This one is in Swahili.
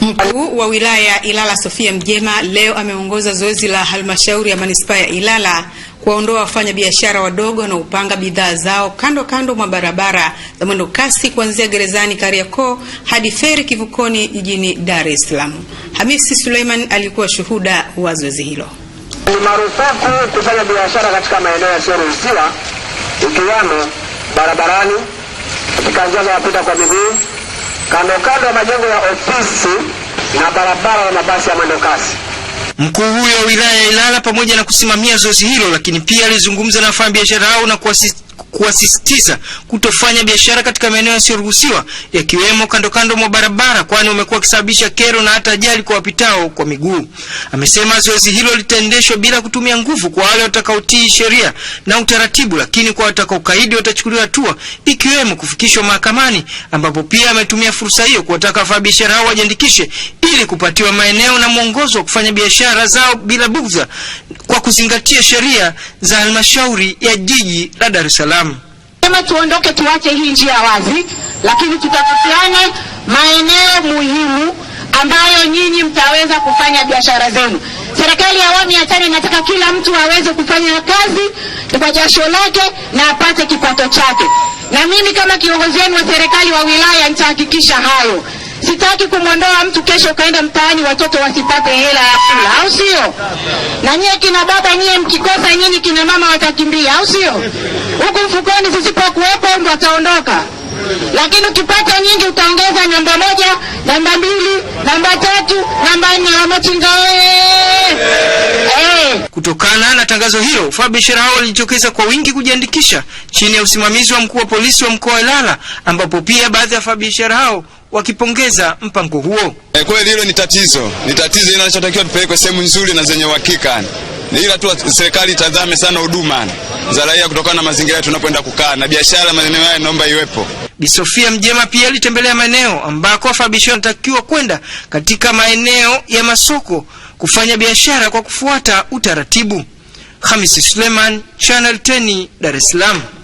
Mkuu wa wilaya ya Ilala Sofia Mjema leo ameongoza zoezi la halmashauri ya manispaa ya Ilala kuwaondoa wafanyabiashara wadogo wanaopanga bidhaa zao kando kando mwa barabara za mwendo kasi kuanzia gerezani Kariakoo hadi feri kivukoni jijini Dar es Salaam. Hamisi Suleiman alikuwa shuhuda wa zoezi hilo. Ni marufuku kufanya biashara katika maeneo yasiyoruhusiwa ikiwamo barabarani, katika njia za wapita kwa miguu kando kando ya majengo ya ofisi na barabara ya mabasi ya mwendokasi. Mkuu huyo wa wilaya ya Ilala pamoja na kusimamia zoezi hilo, lakini pia alizungumza na wafanyabiashara hao na kuwasisitiza kuwasisitiza kutofanya biashara katika maeneo yasiyoruhusiwa yakiwemo kando kando mwa barabara, kwani wamekuwa wakisababisha kero na hata ajali kwa wapitao kwa miguu. Amesema zoezi hilo litaendeshwa bila kutumia nguvu kwa wale watakaotii sheria na utaratibu, lakini kwa watakaokaidi watachukuliwa hatua, ikiwemo kufikishwa mahakamani, ambapo pia ametumia fursa hiyo kuwataka wafanyabiashara hao wajiandikishe ili kupatiwa maeneo na mwongozo wa kufanya biashara zao bila bughudha kwa kuzingatia sheria za halmashauri ya jiji la Dar es Salaam. Kama tuondoke tuache hii njia wazi, lakini tutafutiane maeneo muhimu ambayo nyinyi mtaweza kufanya biashara zenu. Serikali ya awamu ya tano inataka kila mtu aweze kufanya kazi kwa jasho lake na apate kipato chake, na mimi kama kiongozi wenu wa serikali wa wilaya nitahakikisha hayo. Sitaki kumwondoa mtu kesho kaenda mtaani watoto wasipate hela ya kula, au sio? Na nyie kina baba, nyie mkikosa, nyinyi kina mama watakimbia, au sio? Huku mfukoni zisipokuwepo ndo ataondoka lakini ukipata nyingi utaongeza namba moja, namba mbili, namba tatu, namba nne. Wamachinga wee Kutokana na tangazo hilo, wafanyabiashara hao walijitokeza kwa wingi kujiandikisha chini ya usimamizi wa mkuu wa polisi wa mkoa wa Ilala, ambapo pia baadhi ya wafanyabiashara hao wakipongeza mpango huo. E, kweli hilo ni tatizo, ni tatizo inachotakiwa tupelekwe sehemu nzuri na zenye uhakika, ni ila tu serikali itazame sana huduma za raia kutokana na mazingira yetu tunapoenda kukaa na biashara, maeneo haya naomba iwepo. Bi Sofia Mjema pia alitembelea maeneo ambako wafanyabiashara wanatakiwa kwenda katika maeneo ya masoko kufanya biashara kwa kufuata utaratibu. Hamisi Suleiman, Channel 10, Dar es Salaam.